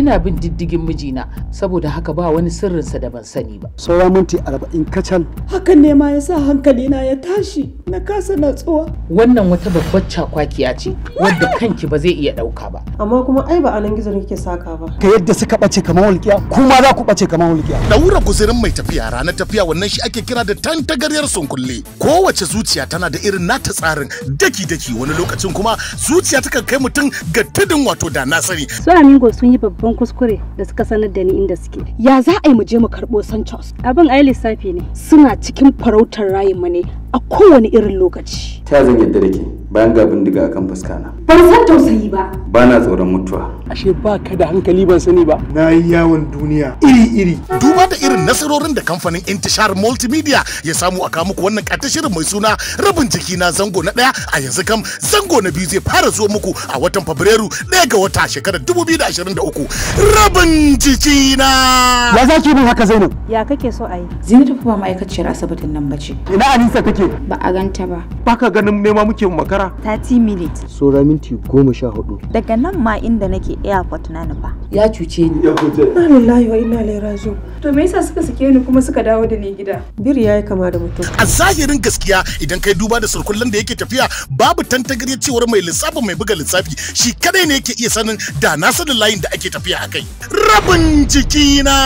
ina bin diddigin mijina saboda haka ba wani sirrinsa da ban sani ba saura minti arba'in kacal hakan ne ma ya hankali na ya tashi na kasa natsuwa wannan wata babbar cakwakiya ce wadda kanki ba zai iya ɗauka ba amma kuma ai ba anan gizo kike saka ba ka yadda suka ɓace kamar walƙiya kuma za ku ɓace kamar walƙiya daura guzirin mai tafiya ranar tafiya wannan shi ake kira da tantagaryar sunkulle kowace zuciya tana da irin nata tsarin daki-daki wani lokacin kuma zuciya takan kai mutum ga tudun wato da na sani su amingo sun yi babban abin kuskure da suka sanar da ni inda suke. Ya za a yi mu je mu karɓo Sanchos? Abin ai lissafi ne. Suna cikin farautar rayin ne a kowane irin lokaci. Ta zan yadda da ke bayan ga bindiga akan fuskana. Ban san tausayi ba. Ba na tsoron mutuwa. Ashe ba ka da hankali ban sani ba. Na yi yawon duniya iri-iri. Duba da irin nasarorin da kamfanin Intishar Multimedia ya samu a kawo muku wannan shirin mai suna rabin jiki na zango na ɗaya a yanzu kam zango na biyu zai fara zuwa muku a watan Fabrairu ɗaya ga wata shekarar 2023. Rabin jiki na. Ya za ki haka Zainab? Ya kake so a yi? Zinatu ba ma'aikaciyar asibitin nan ba ce. Ina Anisa kake take ba a ganta ba baka ganin nema muke makara 30 minutes sora minti goma sha hudu daga nan ma inda nake airport na nufa ya cuce ni ya cuce na lillahi wa inna ilaihi raji'un to me yasa suka sake ni kuma suka dawo da ni gida bir yayi kama da mutum a zahirin gaskiya idan kai duba da surkullen da yake tafiya babu tantagarya cewar mai lissafin mai buga lissafi shi kadai ne yake iya sanin da na sanin layin da ake tafiya a kai rabin jikina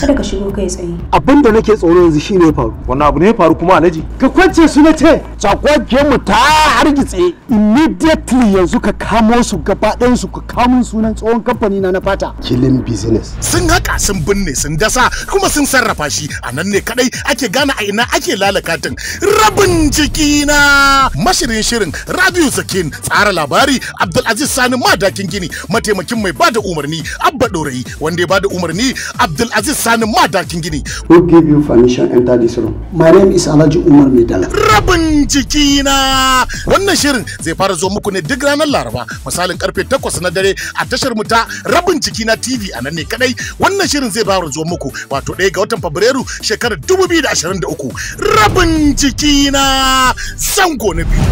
kada ka shigo kai tsaye abin da nake tsoro yanzu shine faru wannan abu ne faru kuma alaji ka kwanci ce su na ce tsakwakke mu ta hargitse immediately yanzu ka kamo su gaba ɗayan su ka kamo sunan tsohon kamfani na na fata killing business sun haka sun binne sun dasa kuma sun sarrafa shi a nan ne kadai ake gane a ina ake lalakatin rabin jiki na mashirin shirin radio zakin tsara labari abdulaziz sani madakin gini mataimakin mai bada umarni abba dorayi wanda ya bada umarni abdulaziz sani madakin gini who give you permission enter this room my name is alhaji umar medal rabin jikina wannan shirin zai fara zo muku ne duk ranar laraba misalin karfe takwas na dare a tashar mu ta rabin jikina tv a nan ne kadai wannan shirin zai fara zo muku wato ɗaya ga watan fabrairu shekarar 2023 rabin jikina zango na biyu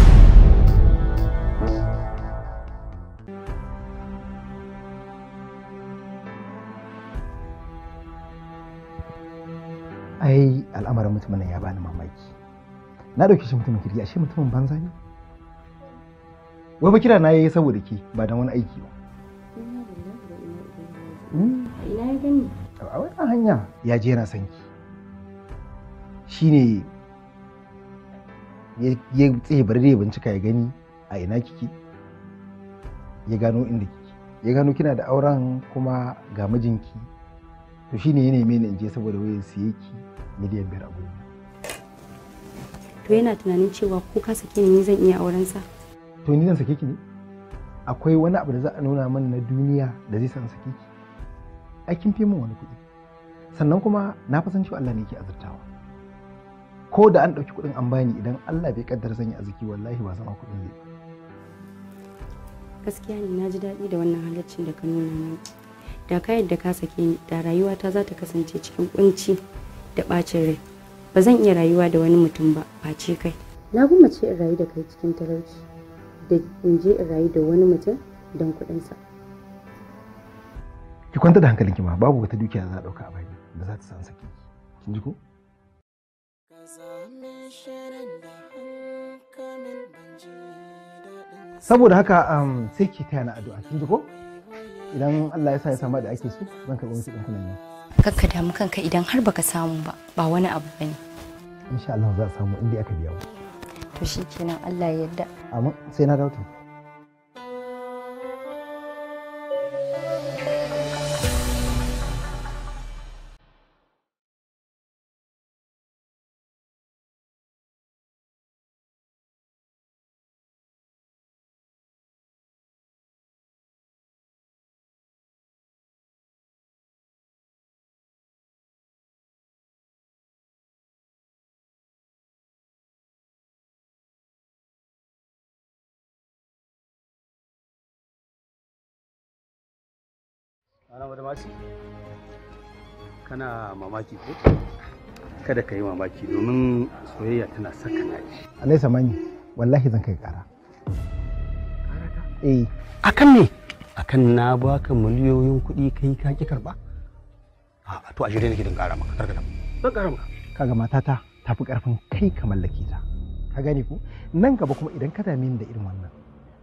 ai al'amarin mutumin ya bani mamaki na ɗauki shi mutumin kirki ashe mutumin banza ne wai ba kira na yayi saboda ke ba da wani aiki ba a wannan hanya ya je yana sanki shine ya tsaye bari da bincika ya gani a ina kike ya gano inda kike ya gano kina da auren kuma ga mijinki to shi ne ya neme ni in je saboda wayan siye ki miliyan biyar a gudu to yana tunanin cewa ko ka sake ni zan iya auren sa to ni zan sake ki ne akwai wani abu da za a nuna min na duniya da zai san sake ki ai kin fi min wani kuɗi sannan kuma na fa san cewa Allah ne yake azurtawa ko da an ɗauki kuɗin an bani idan Allah bai kaddara zan yi arziki wallahi ba zama kuɗin zai gaskiya ne na ji daɗi da wannan halaccin da ka nuna min da ka yadda ka sake ni da rayuwata za ta kasance cikin kunci da ɓacin rai ba zan iya rayuwa da wani mutum ba face kai na gumace in rayu da kai cikin talauci da in je in rayu da wani mutum don kuɗinsa ki kwanta da ki ma babu wata dukiya za a ɗauka a baki da za ta san saki kin ji ko saboda haka um, sai ki taya na addu'a kin ji ko idan Allah ya sa ya sama da ake so zan karɓi wasu ɗan kunan kakka damu kanka idan har baka samu ba ba wani abu bane insha Allah za a samu inda aka biya to shikenan Allah ya yarda amma sai na dawo marmasi kana mamaki ko kada ka yi mamaki domin soyayya tana saka naci alai samani wallahi zan kai kara eh akan me akan na baka miliyoyin kuɗi kai ka ki karba a to a shirye nake din kara maka karkata zan kara maka kaga matata ta fi karfin kai ka mallake ta ka gane ko nan gaba kuma idan ka dame ni da irin wannan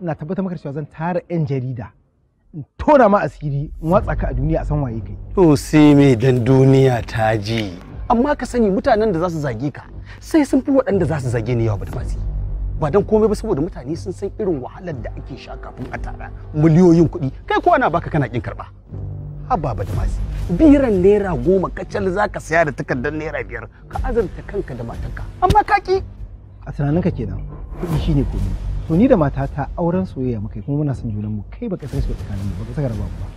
ina tabbatar maka cewa zan tara yan jarida tona ma asiri in watsa ka a duniya a san waye kai to sai me dan duniya ta ji amma ka sani mutanen da za su zage ka sai sun fi waɗanda za su zage ni yawa ba ba dan komai ba saboda mutane sun san irin wahalar da ake sha kafin a tara miliyoyin kuɗi kai ko ana baka kana kin karɓa haba ba biran naira goma kacal za ka saya da takardar naira biyar ka azanta kanka da matanka amma kaki a tunaninka kenan kuɗi shine komai to ni da matata auren soyayya muka yi kuma muna son junan mu kai baka san so tsakanin mu baka saka rabawa ba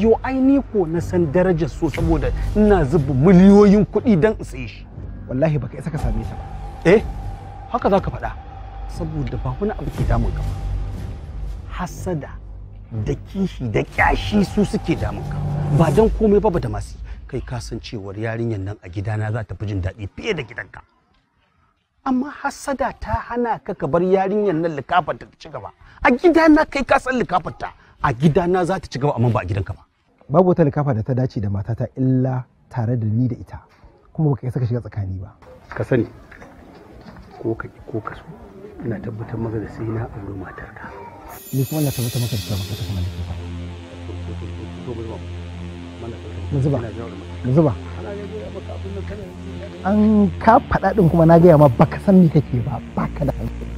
yo ai ni ko na san darajar so saboda ina zuba miliyoyin kuɗi dan in saye shi wallahi baka isa ka same ta ba eh haka zaka faɗa saboda ba wani abu ke damun ka hasada da kishi da kyashi su suke damun ka ba dan komai ba ba da masu kai kasancewar yarinyar nan a gidana za ta fi jin daɗi fiye da gidanka amma hasada ta hana ka ka bar yarinyar nan likafar ta ci gaba a gidana kai ka san likafar ta a gidana za ta ci gaba amma ba a gidanka ba babu wata likafa da ta dace da matata illa tare da ni da ita kuma ba isa ka shiga tsakani ba ka sani ko ka ko ka so ina tabbatar maka da sai na aure matar ka ni kuma ina tabbatar maka da cewa ba ta kuma ba mu zuba mu zuba an ka faɗa ɗin kuma na gaya ma baka san me kake ba baka da hankali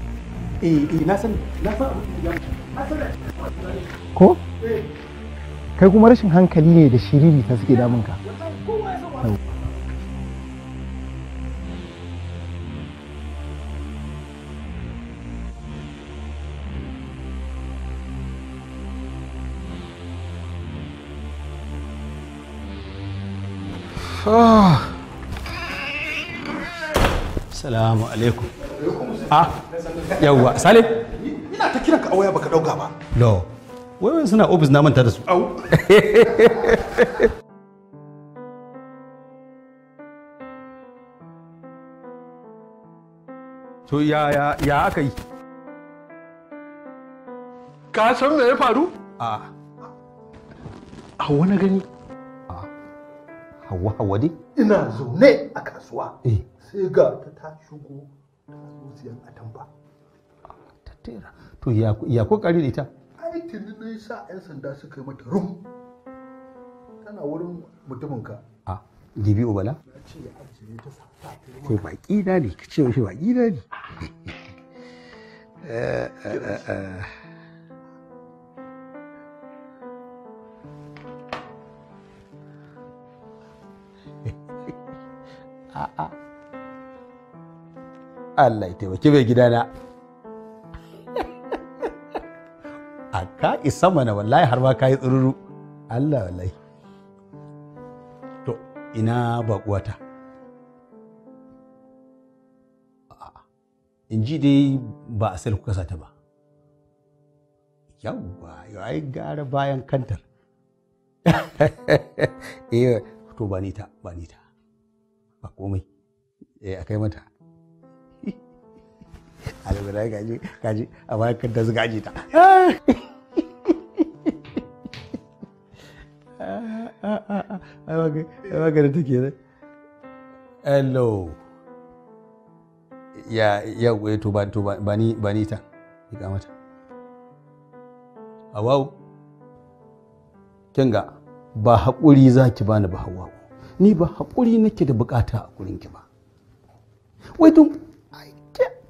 eh eh na san na san ko kai kuma rashin hankali ne da shiriri ta suke damun ka Salamu alaikum. Ah, yawwa, Sale? Ina ta ka a waya baka dauka ba. No. Wai wai suna ofis na manta da su. Au. To ya ya ya aka yi? Ka san me ya faru? A. A wani gani. hawa hawa dai ina zaune a kasuwa eh. sai ga ta ta shigo ta zuciyar atamba ta tera to ya kokari da ita tuni ne sa 'yan sanda suka yi mata rum tana wurin mutumin ka a dibi ubala ce baki na ne ka ce baki na ne a'a Allah ya taimaki mai gidana a ka isa mana wallahi har ma ka yi tsururu Allah wallahi to ina baƙuwata in ji dai ba a kuka sata ba yawwa yau ai gara bayan kantar eh, to ba ni ta ba ni ta a komai eh a kai mata alhamdulillah gaji gaji a bayan kan da gaji ta ai ba gari take ne hello ya ya eh, to ba to ba ni ba ni ta ga mata awau kinga ba haƙuri zaki bani ba hawa ni ba hakuri nake da bukata a gurinki ba wai don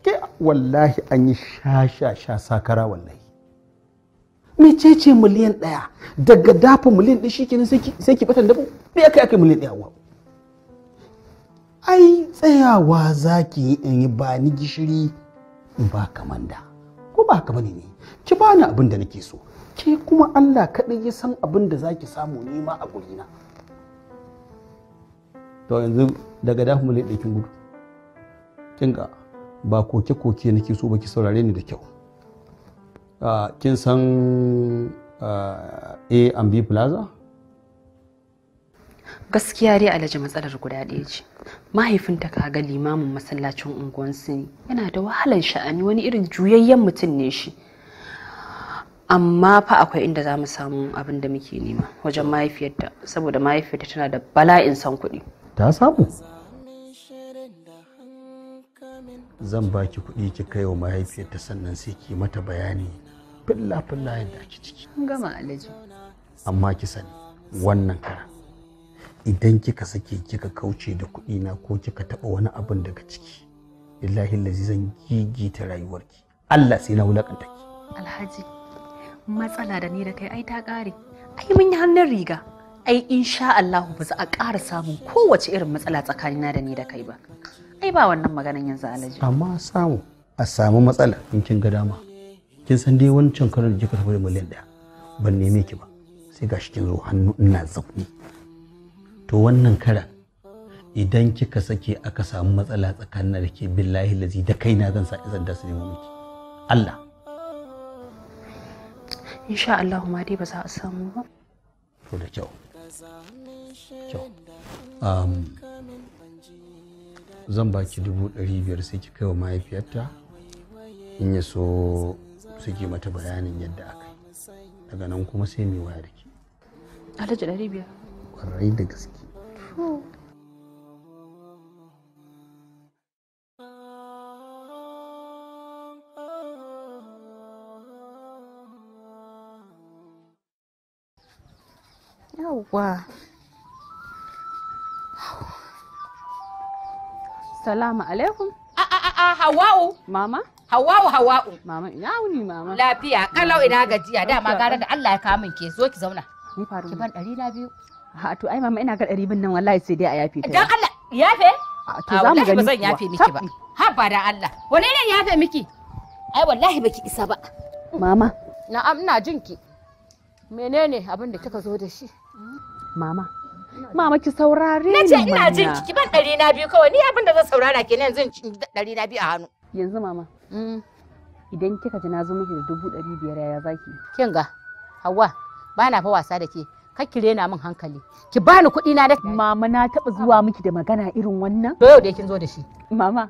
ke wallahi an yi sha-sha-sha sakara wallahi mecece miliyan ɗaya daga dafa miliyan ɗaya shikenan sai ki batan dabu me aka aka miliyan ɗaya wa ai tsayawa zaki yi in ba ni gishiri in ba kamanda ko ba haka bane ne ki bani abin da nake so ke kuma Allah kaɗai ya san abin da zaki samu nima a gurina. to yanzu daga da kuma laifin kin gudu kin ga ba koke koke nake so ba ki saurare ni da kyau ah, kin san ah, a and b plaza gaskiya dai alhaji matsalar guda ɗaya ce mahaifinta kaga limamin masallacin unguwan ne yana da wahalar sha'ani wani irin juyayyen mutum ne shi amma fa akwai inda za mu samu abin da muke nema wajen mahaifiyarta saboda mahaifiyarta tana da bala'in san kuɗi ta samu zan ba ki kuɗi ki kai wa mahaifiyarta sannan sai ki mata bayani filla filla yadda ake ciki gama alaji amma ki sani wannan kara idan kika sake kika kauce da kuɗi na ko kika taɓa wani abin daga ciki illahi lazi zan gigita rayuwarki Allah sai na wulakanta ki alhaji matsala da ni da kai ai ta ƙare ai mun yi hannun riga ai insha Allah ba za a ƙara samun kowace irin matsala na da ni da kai ba ai ba wannan maganan yanzu alaji amma samu a samu matsala in kin ga dama kin san dai wancan karon da kika tafi miliyan ɗaya ban neme ki ba sai gashi kin zo hannu ina zaune to wannan karan idan kika sake aka samu matsala tsakanin da ke billahi lazi da kaina zan sa izan da su nemo miki Allah insha Allah ma dai ba za a samu ba to da kyau kyau zan baki dubu ɗari biyar sai ki kai wa mahaifiyarta in ya so suke mata bayanin yadda aka yi daga nan kuma sai mai waya da ke alhaji ɗari biyar da gaske yawwa salamu alaikum a a a hawa'u mama hawa'u hawa'u mama ina wuni mama lafiya kalau ina gajiya dama gara da Allah ya kawo min ke zo ki zauna faru ki ban ɗari na biyu a to ai mama ina ga ɗari bin nan wallahi sai dai a yafe ta dan Allah yafe to za mu gani ba zan yafe miki ba haba da Allah wani ne yafe miki ai wallahi baki isa ba mama na'am ina jinki menene abin da kika zo da shi mama mama ki saurare ni nace ina jin ki ban ɗari na biyu kawai ni abin da zan saurara ke yanzu in ɗari na biyu a hannu yanzu mama mm. idan kika ji na zo miki da dubu dari biyar yaya zaki kin ga hawa ba na fa wasa da ke ki rena min hankali ki bani kuɗi na da mama na taɓa zuwa miki da magana irin wannan to yau da kin zo da shi mama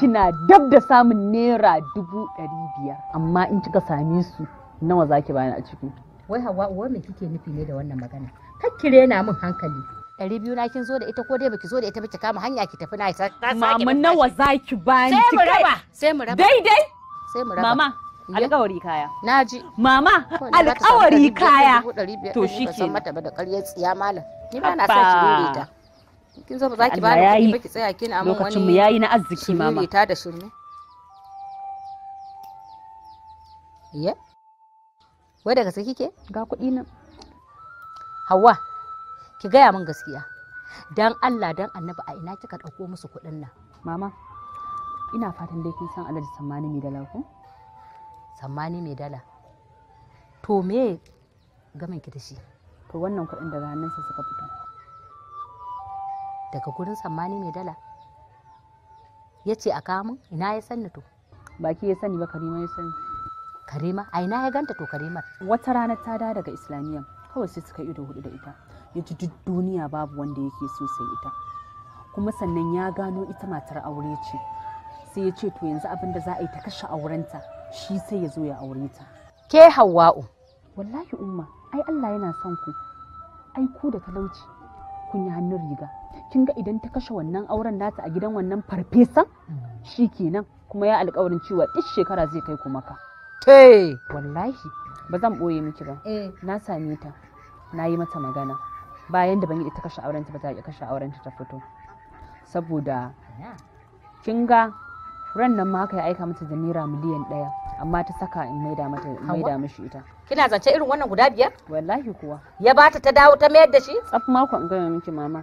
kina dab da samun naira dubu ɗari biyar amma in kika same su nawa zaki bani a ciki wai hawa wai me kike nufi ne da wannan magana kakkire na min hankali ɗari biyu na kin zo da ita ko dai baki zo da ita ba ki kama hanya ki tafi na isa mama nawa zaki bani sai mu sai mu raba daidai sai mu raba mama alƙawari kaya ji. mama alƙawari kaya to shi mata ba da ƙaryar tsiya malam ni ba na sa ki ta kin zo ba za ki ba da kuɗi ba ki tsaya kina amma wani lokacin mu yayi na arziki mama ta da shirme ya wai daga sai kike ga kuɗi nan Hawa ki gaya min gaskiya dan Allah dan annabi a ina kika ɗauko musu kuɗin nan mama ina fatan dai kin san alhaji sammani mai dala ko sammani mai dala to me gamin ki da shi to wannan kuɗin daga sa suka fito daga gurin sammani mai dala ya ce a kamun ina ya sanni to baki ya sani ba karima ya sani karima a ina ya ganta to karimar wata rana ta da daga islamiyya kawai sai suka ido hudu da ita ya ji duk duniya babu wanda yake so sai ita kuma sannan ya gano ita matar aure ce sai ya ce to yanzu abin da za a yi ta kashe aurenta shi sai ya zo ya aure ta ke hawa'u wallahi umma ai Allah yana son ku ai ku da talauci kun yi hannun riga kin ga idan ta kashe wannan auren nata a gidan wannan farfesan mm. Shi kenan kuma ya alƙawarin cewa duk shekara zai kai ku maka te wallahi ba zan boye miki ba eh. na same ta na yi mata magana bayan da ban yi ta kashe ta ba ta yi kashe auren ta fito saboda kin ga ran nan ma haka ya aika mata da naira miliyan ɗaya amma ta saka in maida mata maida mishi ita kina zance irin wannan guda biyar wallahi kuwa ya bata ta dawo ta mayar da shi tsaf mako in gaya miki mama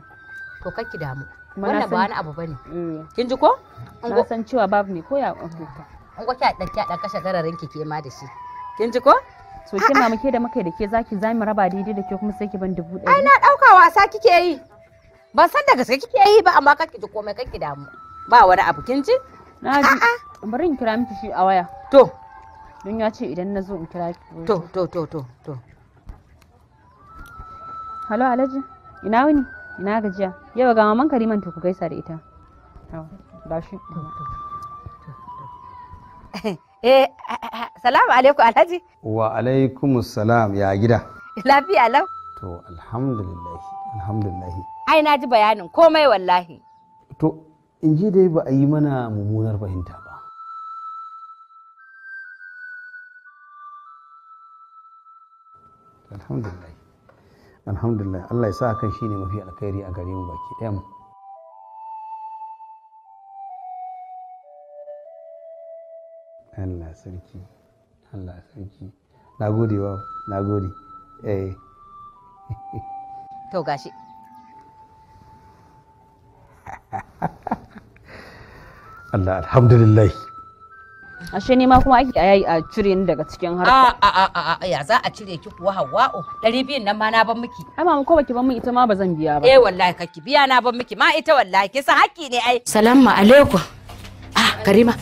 to kakki damu wannan ba wani abu bane eh. kin ji ko na san cewa babu ne ko ya hukunta an ko kya dan a ɗan kashe gararin ki ke ma da shi kin ji ko so kin ma ke da muka da ke zaki mu raba daidai da ke kuma sai ki ban dubu ɗari ai na ɗauka wasa kike yi ban san da gaske kike yi ba amma kake ji komai kake damu ba wani abu kin ji na ji bari in kira miki shi a waya to don ya ce idan na zo in kira ki to to to to to halo alhaji ina wuni ina gajiya yau ga maman kariman ta ku gaisa da ita Ba shi Eh, eh, eh, eh salamu alaikum alhaji wa alaikum salam ya gida lafiya lau to alhamdulillah alhamdulillah ai na ji bayanin komai wallahi to in ji dai ba a yi mana mummunar fahimta ba alhamdulillah alhamdulillah Allah ya sa kan shi ne mafi alkhairi a gare mu baki ɗaya mu Allah sarki Allah sarki na gode wa na gode eh to gashi Allah alhamdulillah ashe ne ma kuma ake a a cire ni daga cikin harka a ah, a ah, a ah, a ya za a cire ki kuwa hawa'u oh, ɗari biyun nan ma na ban miki ai mama ko baki ban mu ita ma ba zan biya ba eh wallahi kake biya na ban miki ma ita wallahi kisa hakki ne ai salamu alaikum ah karima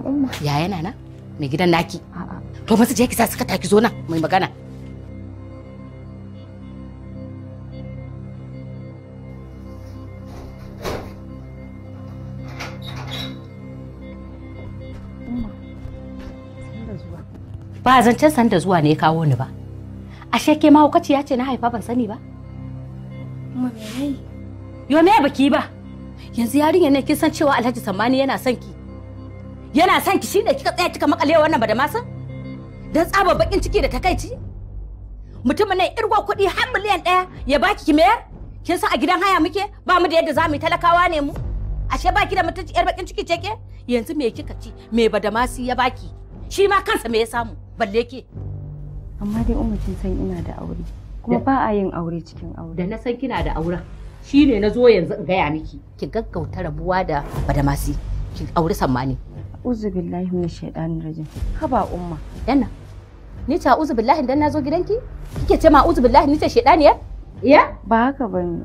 al'umma ya yana na mai gidan naki to masu je ki sa suka taki zo nan mai magana ba zancen da zuwa ne ya kawo ni ba ashe ke ma ya ce na haifa ban sani ba yo me baki ba yanzu yarinya ne kin san cewa Alhaji Sammani yana son ki yana son ki shine kika tsaya kika makale wannan badamasan dan tsaba bakin ciki da takaici mutumin nan irgo kuɗi har miliyan ɗaya ya baki ki mayar kin san a gidan haya muke ba mu da yadda za mu yi talakawa ne mu ashe baki da mutunci yar bakin ciki ce ke yanzu me kika ci me badamasi ya baki shi ma kansa me ya samu balle ke amma dai umma kin san ina da aure kuma ba a yin aure cikin aure da na san kina da auren shine na zo yanzu in gaya miki ki gaggauta rabuwa da badamasi ki aure sammani uzu billahi min shaidanin rajim haba umma yana ni ta uzu billahi dan nazo gidanki kike ce ma uzu billahi ni ce ya iya ba haka bane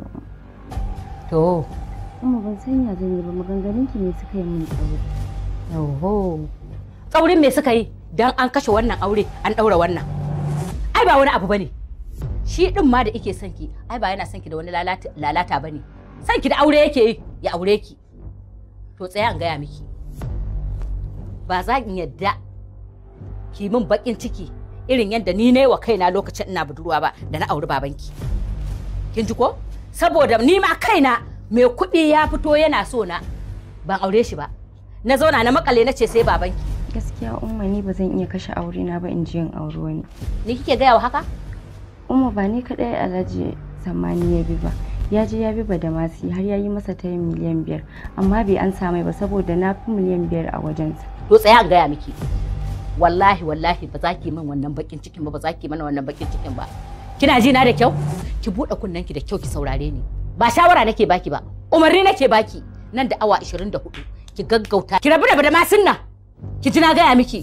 to amma ban san ya zan yi ba maganganun ki ne suka yi min tsauri oho tsaurin me suka yi dan an kashe wannan aure an daura wannan ai ba wani abu bane shi din ma da yake son ki ai ba yana son ki da wani lalata bane son ki da aure yake yi ya aure ki to tsaya an gaya miki ba za in yadda ki min bakin ciki irin yadda ni ne wa kaina lokacin ina budurwa ba da na auri babanki kin ji ko saboda ni ma kaina mai kuɗi ya fito yana so na ban aure shi ba na zauna na makale na ce sai babanki gaskiya umma ni ba zan iya kashe aure na ba in ji in auri wani ni kike gaya wa haka umma ba ni kadai alhaji samani ya bi ba ya je ya bi ba da masi har ya yi masa tayin miliyan biyar amma bai an samai ba saboda na fi miliyan biyar a wajensa to tsaya an gaya miki wallahi wallahi ba za ki min wannan bakin cikin ba ba za ki mana wannan bakin cikin ba kina ji na da kyau ki buɗe kunnen ki da kyau ki saurare ni ba shawara nake baki ba umarni nake baki nan da awa 24 ki gaggauta ki rabu da bada ki ji na gaya miki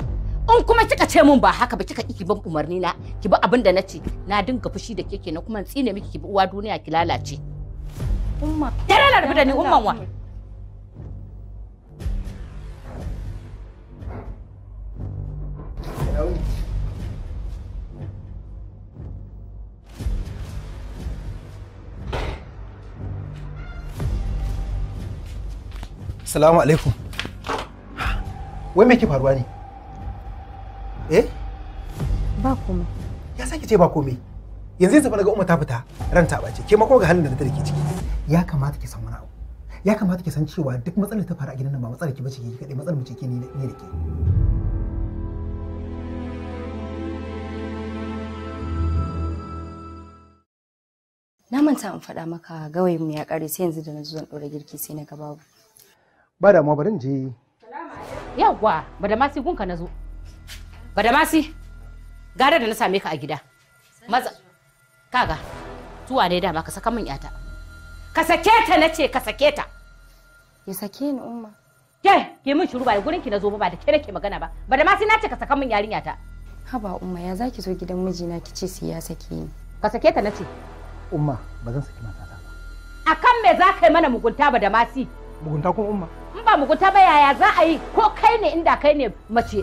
in kuma kika ce mun ba haka ba kika ki ban umarni na ki bi abin da na ce na dinga fushi da keke na kuma tsine miki ki bi uwa duniya ki lalace umma tare da ni umman wa Hello. Salamu alaikum. Wai me ke faruwa ne? Eh? Ba komai. Ya sake ce ba komai. Yanzu yanzu daga Umma ta fita ran ta bace. Ke ma kuma ga halin da ta take ciki. Ya kamata ki san wani abu. Ya kamata ki san cewa duk matsalar ta faru a gidan nan ba matsalar ki bace ki kadai matsalar mu ce ke ni da ke. na manta in faɗa maka gawayin mu ya ƙare sai yanzu da na zo zan ɗora girki sai na ga babu ba da ma barin je yawa ba da masi gunka na zo ba da masi gara da na same ka a gida maza kaga zuwa ne dama ka saka min yata ka sake ta na ce ka sake ta ya sake ni umma ke ke min shuru ba gurin ki na zo ba da ke nake magana ba ba da masi na ce ka saka min yarinya ta haba umma ya zaki zo gidan mijina ki ce sai ya sake ni ka sake ta na ce umma ba zan saki matata ba akan me za ka yi mana mugunta ba da masi mugunta kuma umma in ba mugunta ba yaya za a yi ko kai ne inda kai ne mace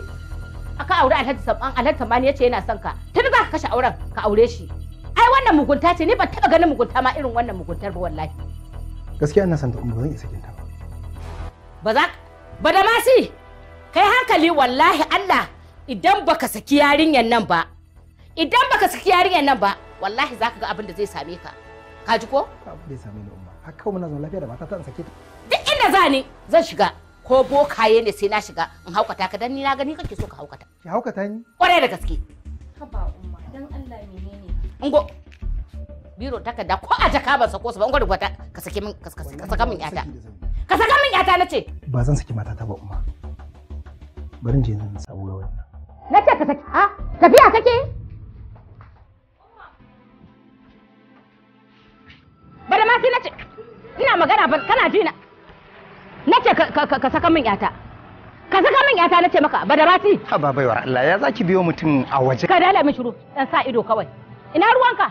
aka aure alhaji saban alhaji samani yace yana son ka tun za ka kashe auren ka aure shi ai wannan mugunta ce ni ban taba ganin mugunta ma irin wannan muguntar ba wallahi gaskiya ina son ta umma zan iya sakin ta ba ba za ba da masi kai hankali wallahi Allah idan baka saki yarinyar nan ba idan baka saki yarinyar nan ba wallahi zaka ga abin da zai same ka ka ji ko abin da zai same ni umma har kawai muna zaman lafiya da matata in sake ta duk inda za ni zan shiga ko bokaye ne sai na shiga in haukata ka dan ni na gani kake so ka haukata ki haukata ni kware da gaske haba umma dan Allah menene ngo biro takarda ko a jaka ban sako su ba in gwada ka sake min ka saka min yata ka saka min yata nace ba zan saki ta ba umma bari in je nan sabuwa wannan nace ka saki a tafiya kake bada ma sai na ce ina magana ba kana ji na na ce ka saka min yata ka saka min yata na ce maka bada rati ha ba baiwar Allah ya zaki biyo mutum a waje ka dala min shiru dan sa ido kawai ina ruwanka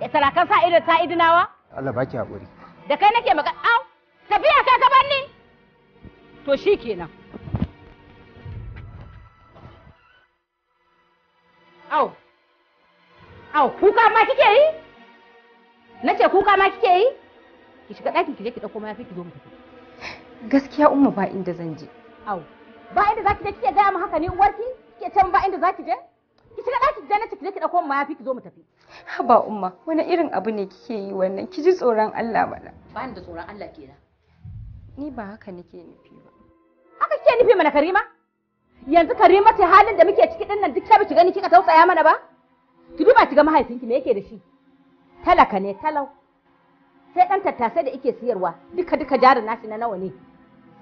ya sarakan sa ido ta idinawa Allah baki hakuri da kai nake magana au tafiya kai ka banni to shikenan au au kuka ma kike yi na ce kuka ma kike yi ki shiga ɗakin ki je ki ɗauko mayafi ki zo mu tafi gaskiya umma ba inda zan je au ba inda zaki je kike gaya mu haka ni uwarki kike can ba inda zaki je ki shiga ɗakin ki je na ce ki je ki ɗauko mayafi ki zo mu tafi haba umma wani irin abu ne kike yi wannan ki ji tsoron Allah mana ba da tsoron Allah kenan ni ba haka nake nufi ba haka kike nufi mana Karima yanzu Karima ce halin da muke ciki dinnan duk ta biki gani kika tausaya mana ba ki duba ki ga mahaifinki me yake da shi talaka ne talau sai ɗan tattasai da ike siyarwa duka duka jarin nashi na nawa ne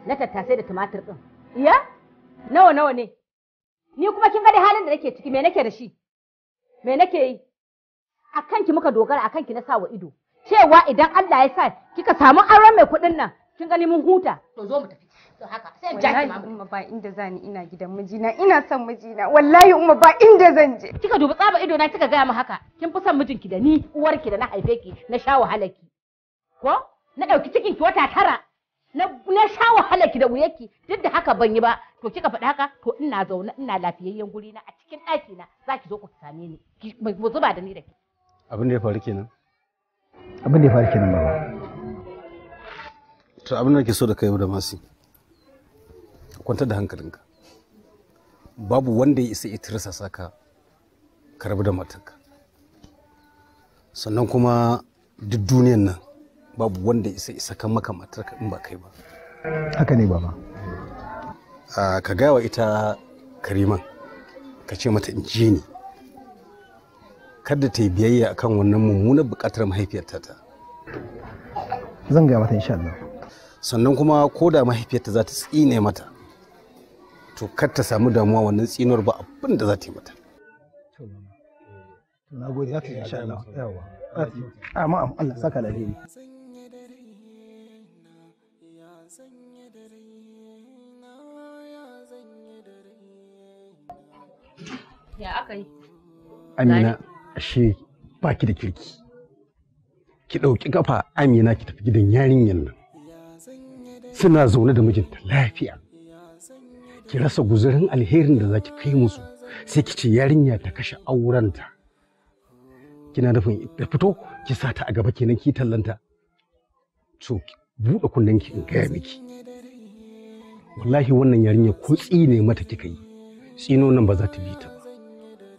na tattasai da tumatir ɗin iya nawa nawa ne ni kuma kin gani halin da nake ciki me nake da shi me nake yi a kanki muka dogara a kanki na sa wa ido cewa idan Allah ya sa kika samu auren mai kuɗin nan kin gani mun huta to zo mu tafi to haka sai jaki ma umma ba inda zani ina gidan mijina ina son mijina wallahi umma ba inda zan je kika dubi tsaba ido na kika gaya mu haka kin fi son mijinki da ni uwar ki da na haife ki na sha ki ko na dauki cikin ki wata tara na na sha ki da wuyarki duk da haka ban yi ba to kika faɗi haka to ina zaune ina lafiyayyen guri na a cikin ɗaki na zaki zo ku same ni mu zuba da ni da ki abin da ya faru kenan abin da ya faru kenan baba to abin da ke so da kai da masu kwantar da hankalinka babu wanda ya isa rasa saka ka rabu da matarka sannan kuma duk duniyan nan babu wanda ya isa isa kan maka matarka in ba kai ba haka ne baba ka gawa ita kariman ka ce mata in ni kada ta yi biyayya akan wannan mummunar buƙatar mahaifiyarta ta zan gaya mata insha Allah sannan kuma ko da mahaifiyarta za ta tsine mata to kar ta samu damuwa wannan tsinuwar ba abin za ta yi mata Amina, ashe ba ki da kirki. Ki ɗauki kafa Amina ki tafi gidan yarinyar nan. Suna zaune da mijinta lafiya. ki rasa guzurin alherin da za ki kai musu sai ki ce yarinya ta kashe aurenta kina nufin da fito ki sata a gaba kenan ki tallanta to buɗe kunnen ki in gaya miki wallahi wannan yarinya ko tsine mata kika yi tsino nan ba za ta bi ta ba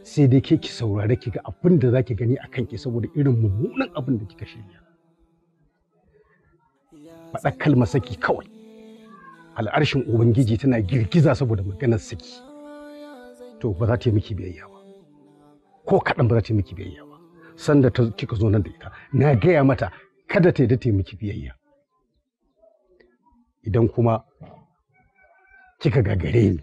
sai dai ke ki saurare ki ga abin da za ki gani a ki saboda irin mummunan abin da kika shirya faɗa kalma saki kawai al'arshin ubangiji tana girgiza saboda maganar saki to ba za ta yi miki biyayya ba ko kaɗan ba za ta yi miki biyayya ba sanda ta kika zo nan da ita na gaya mata kada ta yi ta yi miki biyayya idan kuma kika gagare ni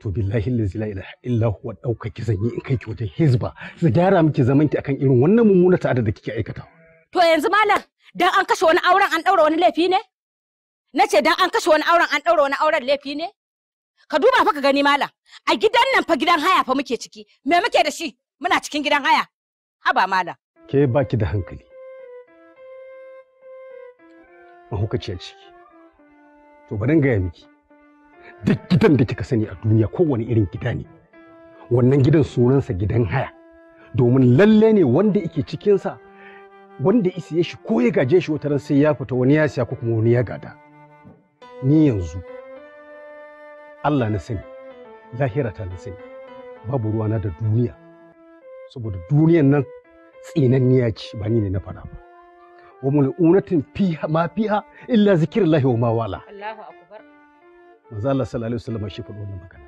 to billahi lazi la ilaha illa huwa dauka ki zanyi in kai ki wajen hizba su gyara miki zaman ki akan irin wannan mummuna ta'ada da kike aikata to yanzu malam dan an kashe wani auren an daura wani laifi ne na ce dan an kashe wani auren an ɗaura wani auren laifi ne ka duba fa ka gani malam a gidan nan fa gidan haya fa muke ciki me muke da shi muna cikin gidan haya haba malam ke baki da hankali mahaukaciyar ciki to bari gaya miki duk gidan da kika sani a duniya kowane irin gida ne wannan gidan sunansa gidan haya domin lalle ne wanda yake cikinsa wanda ya shi ko ya gaje shi wataran sai ya fita wani ya siya ko kuma wani ya gada ni yanzu Allah na sani ta na sani babu ruwana da duniya saboda duniyan nan tsinanniya ce ba ni ne na faɗa ba wa unatin fiha ma fiha illa zikrullahi wa ma wala Allahu akbar manzo Allah sallallahu alaihi wasallam shi faɗo wannan magana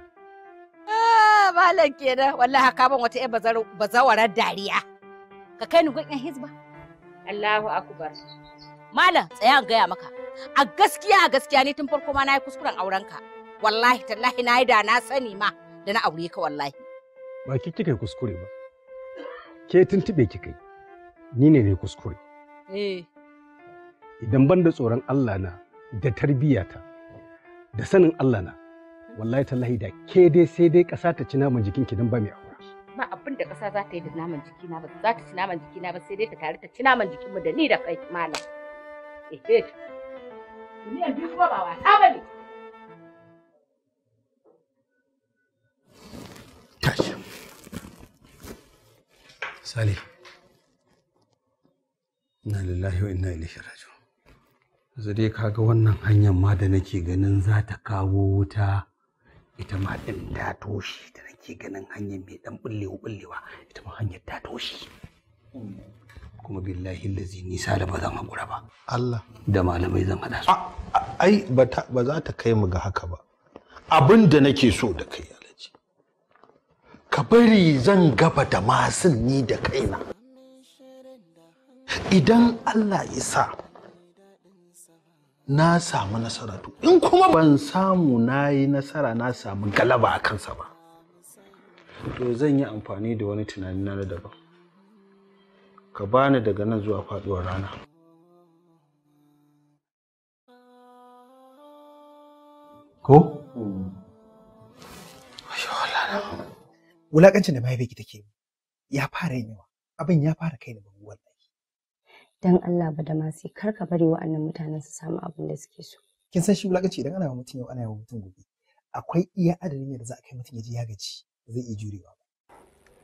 ah, malam kenan wallahi ka ban wata ƴar bazawarar dariya ka kai ni gun ƴan hizba Allahu akbar malam tsaya ya maka a gaskiya a gaskiya ne tun farko ma na yi kuskuren auren ka wallahi tallahi na yi da na sani ma da na aure ka wallahi ba ki kika kuskure ba ke tuntube ki kai ni ne ne kuskure eh idan ban da tsoron Allah na da tarbiyata da sanin Allah na wallahi tallahi da ke dai sai dai kasa ta ci naman jikinki don ba mai aure ba abin da kasa za ta yi da naman jikina ba za ta ci naman jikina ba sai dai ta tare ta ci naman jikinmu da ni da kai malam eh, eh. Sale. ina lillahi wa ilaihi Yanzu dai kaga wannan hanyar ma da nake ganin za ta kawo wuta ita ma ɗin ta toshe da nake ganin hanyar mai ɗan ɓullewa ɓullewa ita ma hanyar ta toshe. kuma billahi lazi nisa da ba zan haƙura ba. Allah. Da malamai zan haɗa su. Ah! ai ba za ta kai mu ga haka ba abin da nake so da kai alhaji ka bari zan gaba da masin ni da kaina idan allah isa na samu nasara to in kuma ban samu na yi nasara na samu galaba a kansa ba to zan yi amfani da wani tunani na daban ka bani daga nan zuwa faduwar rana ko da mahaifiyarki take ya fara yin yawa abin ya fara kai da babu wallahi dan Allah ba da masu kar ka bari wa'annan mutanen su samu abin da suke so kin san shi wulakanci idan ana wa mutum yau ana yawa mutum gobe akwai iya adadin da za a kai mutum ya ji ya gaji zai iya jurewa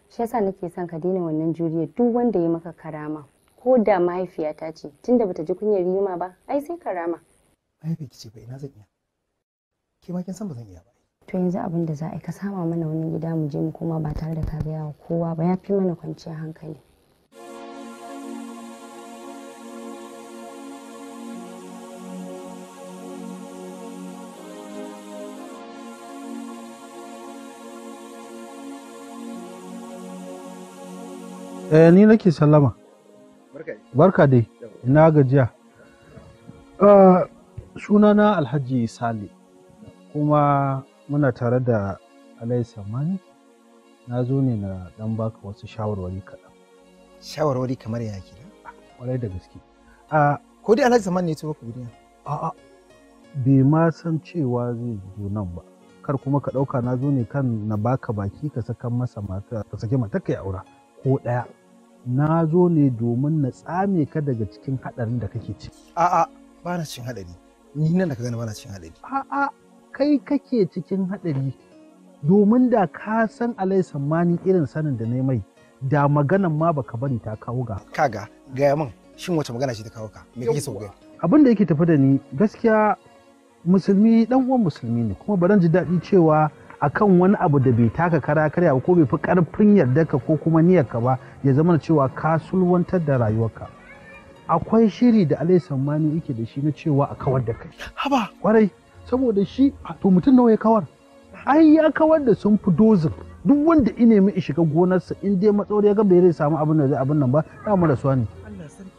shi yasa nake son ka daina wannan juriya duk wanda ya maka karama ko da mahaifiyata ce tunda bata ji kunyar yima ba ai sai karama mahaifiyarki ce ba ina zan iya ke ma kin san ba zan iya ba to yanzu abin da za a yi ka sama mana wani gida mu je mu koma ba tare da ka gaya wa kowa ba ya fi mana kwanciyar hankali Eh, ni nake sallama. Barka dai, ina gajiya. Uh, sunana Alhaji Sale. kuma muna tare da Alayi Samani na zo ne na dan baka wasu shawarwari kaɗan. Shawarwari kamar ya ke ah, ƙwarai da gaske. A ko dai Alayi Samani ne ya ku a A'a bai ma san cewa zai zo nan ba. Kar kuma ka ɗauka na zo ne kan na baka baki ka saka masa mata ka sake mata kai aura ko ɗaya. Na zo ne domin na tsame ka daga cikin haɗarin da kake ciki. A'a ba na cikin haɗari. Ni nan da ka gani ba na cikin haɗari. A'a kai kake cikin haɗari domin da ka san alai sammani irin sanin da na mai da maganan ma baka bari ta kawo ga kaga gaya min shin wace magana ce ta kawo ka me kake so ga abin da yake tafi da ni gaskiya musulmi dan uwan musulmi ne kuma baran ji daɗi cewa akan wani abu da bai taka kara karya ko bai fi karfin ka ko kuma ka ba ya zama cewa ka sulwantar da rayuwarka akwai shiri da alai sammani yake da shi na cewa a kawar da kai haba kwarai saboda shi to mutum nawa ya kawar ai ya kawar da sun fi dozin duk wanda in nemi in shiga gonarsa in dai matsauri ya ga bai zai samu abin da zai abin nan ba ta mu rasuwa ne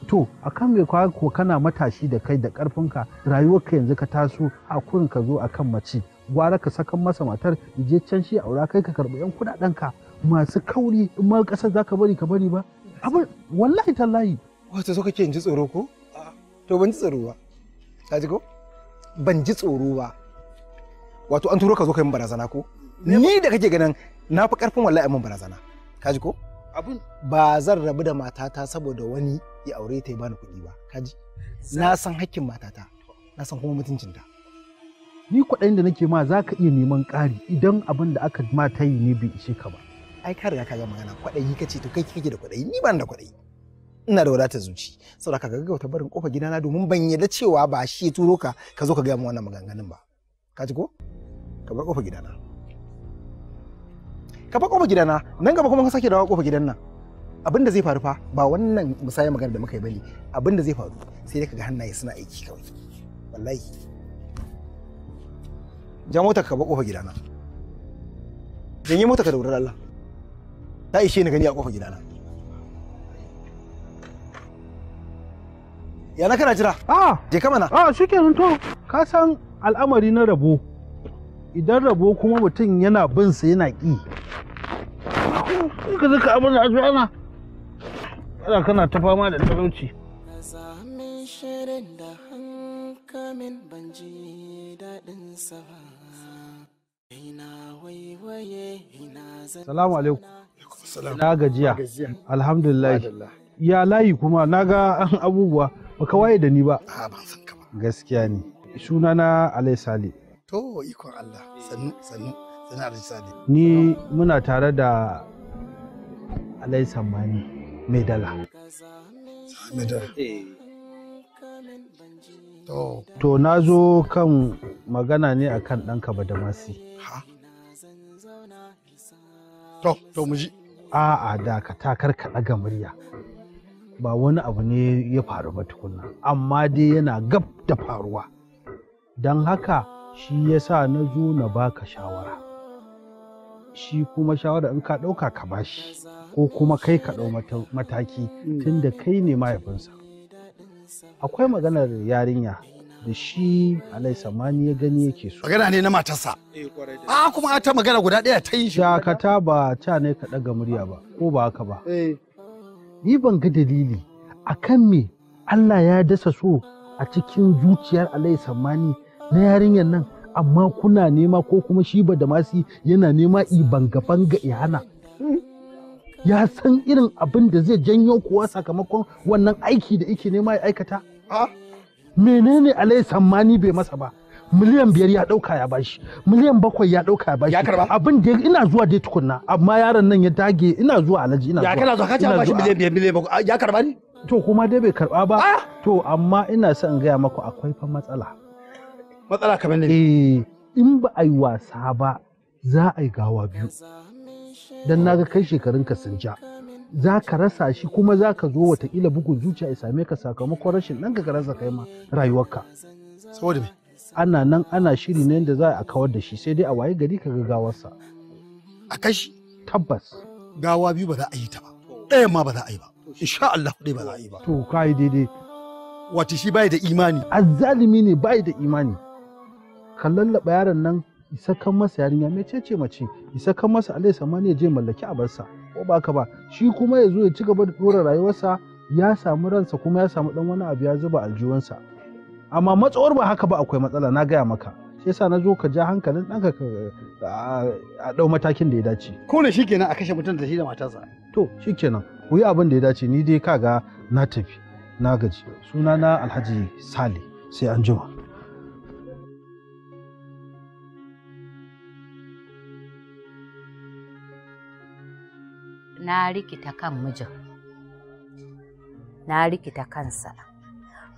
to a kan mai kwa ko kana matashi da kai da karfinka ka yanzu ka taso a kurin ka zo akan mace gwara ka sakan masa matar je can shi aura kai ka karɓi yan kudaden ka masu kauri in ma kasar zaka bari ka bari ba abin wallahi tallahi wato so kake in ji tsoro ko to ban ji tsoro ba ka ji ko ban ji tsoro ba wato an turo ka zo ka yi barazana ko ni da kake ganin na fi karfin wallahi mun barazana ka ko abun ba zan rabu da matata saboda wani ya aure ta ya bani kuɗi ba kaji na san hakkin matata na san kuma mutuncinta ni kwaɗayin da nake ma za ka iya neman ƙari idan abin da aka ma ta yi ne bai ishe ka ba ai ka riga ka ga magana kwaɗayi ka ce to kai kake da kwaɗayi ni ban da kwaɗayi ina da wadatar zuci saboda ka ta barin kofar gidana domin ban yarda cewa ba shi ya turo ka ka zo ka gaya mu wannan maganganun ba ka ji ko ka bar kofar gidana ka bar kofar gidana nan gaba kuma ka sake dawo kofar gidan nan abin da zai faru fa ba wannan musayar magana da muka yi bane abin da zai faru sai dai ga hannaye suna aiki kawai wallahi ja mota ka bar kofar gidana janye mota ka da wurin Allah ta ishe ni gani a kofar gidana ya na kana jira a ah. je ka mana a ah, shikenan to ka san al'amari na rabo idan rabo kuma mutum yana bin sa yana ki ka zaka abin da azu na. ana kana ta fama da talauci shirin da hankamin ban ji daɗin sa ina waiwaye ina zan salamu alaikum Na gajiya alhamdulillah ya layi kuma na ga abubuwa baka waye da ni ba a ban san ka ba gaskiya ne suna na alai sale to ikon allah sannu sannu sannu alai sale ni muna tare da alai samani mai dala eh. to na zo kan magana ne kan ɗanka da masi to to muji a'a da ka takar ka ɗaga murya ba wani abu ne ya faru ba tukuna. amma dai yana gab da faruwa don haka shi ya sa na zo na baka shawara shi kuma shawara in ka ɗauka ka bashi ko kuma kai ka ɗau mataki mm. tun da kai ne mahaifinsa akwai maganar yarinya da shi alai samani ya gani yake so magana ne na matarsa eh, a ah, kuma ta magana guda ɗaya ta yi shakata ba ta ne ka ɗaga murya ba ko ba haka ba eh. ni ban ga dalili akan me Allah ya dasa so a cikin zuciyar Alayhi Sammani na yarinyar nan amma kuna nema ko kuma shi ba da masi yana nema ibanga-banga ya hana hmm? ya san irin abin da zai janyo kuwa sakamakon wannan aiki da ike nema ya aikata ah. menene Alayhi Sammani bai masa ba miliyan biyar ya dauka ya bashi miliyan bakwai ya dauka ya bashi abin da ina zuwa dai tukunna amma yaron nan ya dage ina zuwa alhaji ina zuwa ya kana zuwa ka ce bashi miliyan biyar miliyan bakwai ah, ya karba ni to kuma dai bai karba ba ah! to amma ina son in gaya maku akwai fa matsala matsala kamar ne eh in ba a yi wasa ba za a yi gawa biyu dan naga kai shekarun ka sun ja za ka rasa shi kuma za ka zo wataƙila bugun zuciya ya same ka sakamakon rashin nan ka rasa kai ma rayuwarka saboda me ana nan ana shiri ne da za a kawar da shi sai dai a waye gari ka gawarsa a kashi tabbas gawa biyu ba za a yi ta ba ɗaya ma ba za a yi ba insha Allah dai ba za a yi ba to kai daidai wato shi bai da imani azzalimi ne bai da imani ka lallaba yaron nan isa kan masa yarinya mecece mace isa kan masa alai samani ya je mallaki abarsa ko ba ka ba shi kuma ya zo ya ci gaba da dora rayuwarsa ya samu ransa kuma ya samu dan wani abu ya zuba aljiwansa amma matsawar ba haka ba akwai matsala na gaya maka shi yasa na zo ka ja hankalin ɗanka a ɗau matakin da ya dace ko ne shikenan a kashe mutum da shi da matarsa to shikenan ku yi abin da ya dace ni dai kaga na tafi na gaji suna na alhaji sale sai an jima na rikita kan mijin na rikita kansa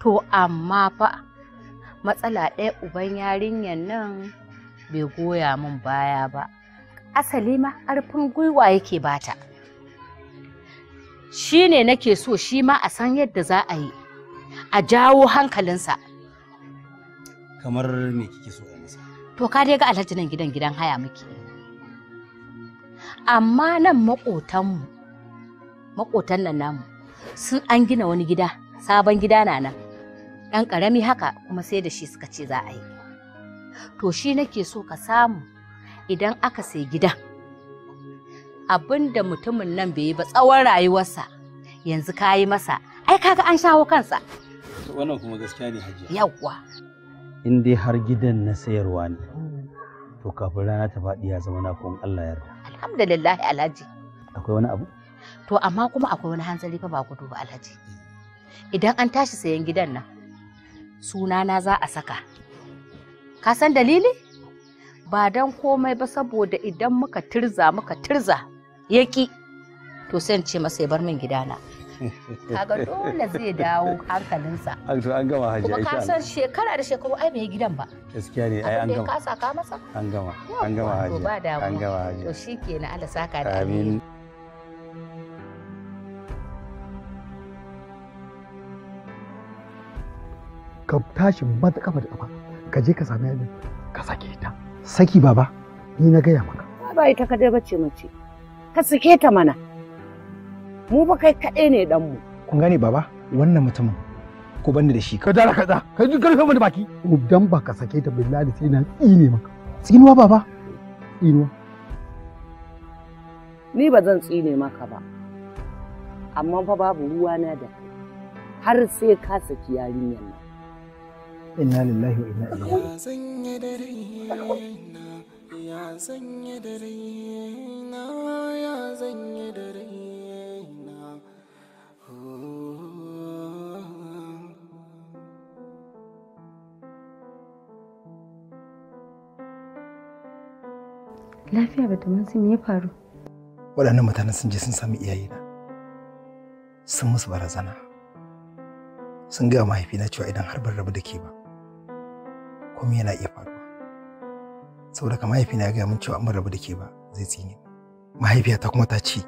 to amma fa matsala ɗaya uban yarinyar nan bai goya min baya ba asali ma ƙarfin gwiwa yake bata shi ne nake so shi ma a san yadda za a yi a jawo hankalinsa kamar me kike so a to ka dai ga alhaji nan gidan gidan haya muke amma nan maƙotanmu maƙotan nan namu sun an gina wani gida sabon gida na nan ɗan ƙarami haka kuma sai da shi suka ce za a yi to shi nake so ka samu idan aka sai gidan abin da mutumin nan bai yi ba tsawon rayuwarsa yanzu ka yi masa ai kaga an shawo kansa wannan kuma gaskiya ne hajiya yawwa in dai har gidan na sayarwa ne to kafin rana ta faɗi ya zama na kun Allah yarda alhamdulillah alhaji akwai wani abu to amma kuma akwai wani hanzari fa ba gudu ba alhaji idan an tashi sayan gidan nan sunana za a saka ka san dalili ba don komai ba saboda idan muka tirza muka tirza yaki to sai ce masa ya bar min gidana kaga dole zai dawo hankalinsa an to an gama hajiya kuma ka san shekara da shekaru ai mai gidan ba gaskiya ne ai an gama ka saka masa an gama an gama hajiya an gama Hajji. to shikenan Allah saka da amin ka tashi mata kafa da kafa ka je ka sami ni ka sake ta saki baba ni na gaya maka ba ita dai bace mace ka sake ta mana mu ba kai kadai ne dan mu kun gane baba wannan mutumin ko banda da shi ka dara kaza ka ji karfe mu da baki dan ba ka sake ta billahi sai na tsine maka tsinuwa baba tsinuwa ni ba zan tsine maka ba amma fa babu ruwa na da har sai ka saki yarinyar nan inna lillahi wa inna ilaihi oh. Lafiya ba ta sun ya faru? Waɗannan mutanen sun je sun sami iyayena. Sun musu barazana. Sun gaya mahaifina cewa idan har ban rabu da ke ba, kuma yana iya faruwa saboda kamar mahaifina ya gaya mun cewa an rabu da ke ba zai tsine mahaifiyata kuma ta ce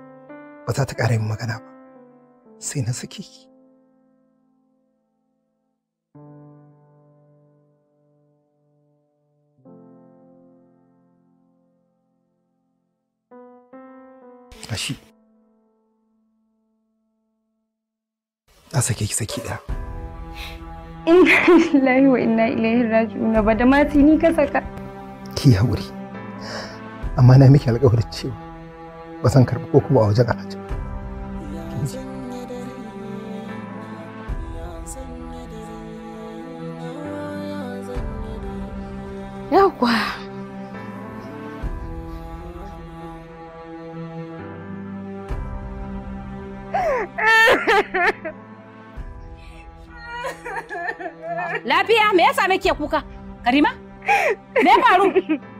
ba za ta ƙara yin magana ba sai na sake ki Na sake ki saki ɗaya. Inna lillahi wa inna ilaihi raji'un ba da mati ni ka saka. Ki hauri, Amma na miki alƙawarin cewa ba zan karɓi ko kuma a wajen alhaji. kake kuka? Karima? Me faru?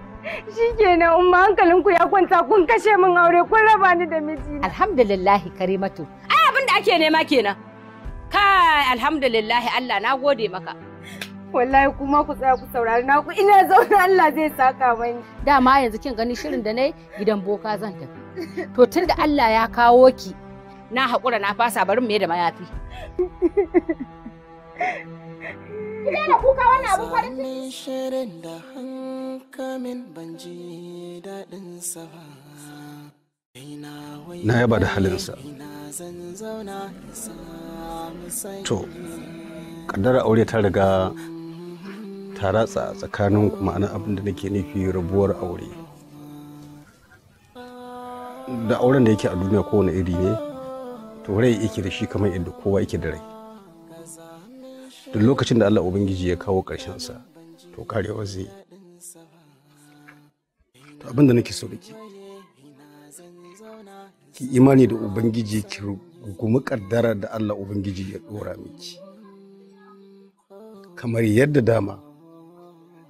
Shikenan umma hankalinku ya kwanta kun kashe min aure kun raba ni da miji. Alhamdulillah Karimatu. Ai abin da ake nema kenan. Kai alhamdulillah Allah na gode maka. Wallahi kuma ku tsaya ku saurari na ku ina zaune Allah zai saka mani. Dama yanzu kin gani shirin da nayi gidan boka zan tafi. To tun da Allah ya kawo ki na haƙura na fasa barin me da mayafi. da kuka farin ciki. shirin da hankamin ban ji daɗin sa ba. Na yaba da halinsa. To, kaddara aure ta riga ta ratsa tsakanin ma'ana abin da nake nufi rabuwar aure. Da auren da yake a duniya kowane iri ne, to rai yake da shi kamar yadda kowa yake da rai. duk lokacin da Allah Ubangiji ya kawo sa to karewa zai yi to abin da nake so da ke ki imani da Ubangiji ki rungumi ƙaddara da Allah Ubangiji ya ɗora miki kamar yadda dama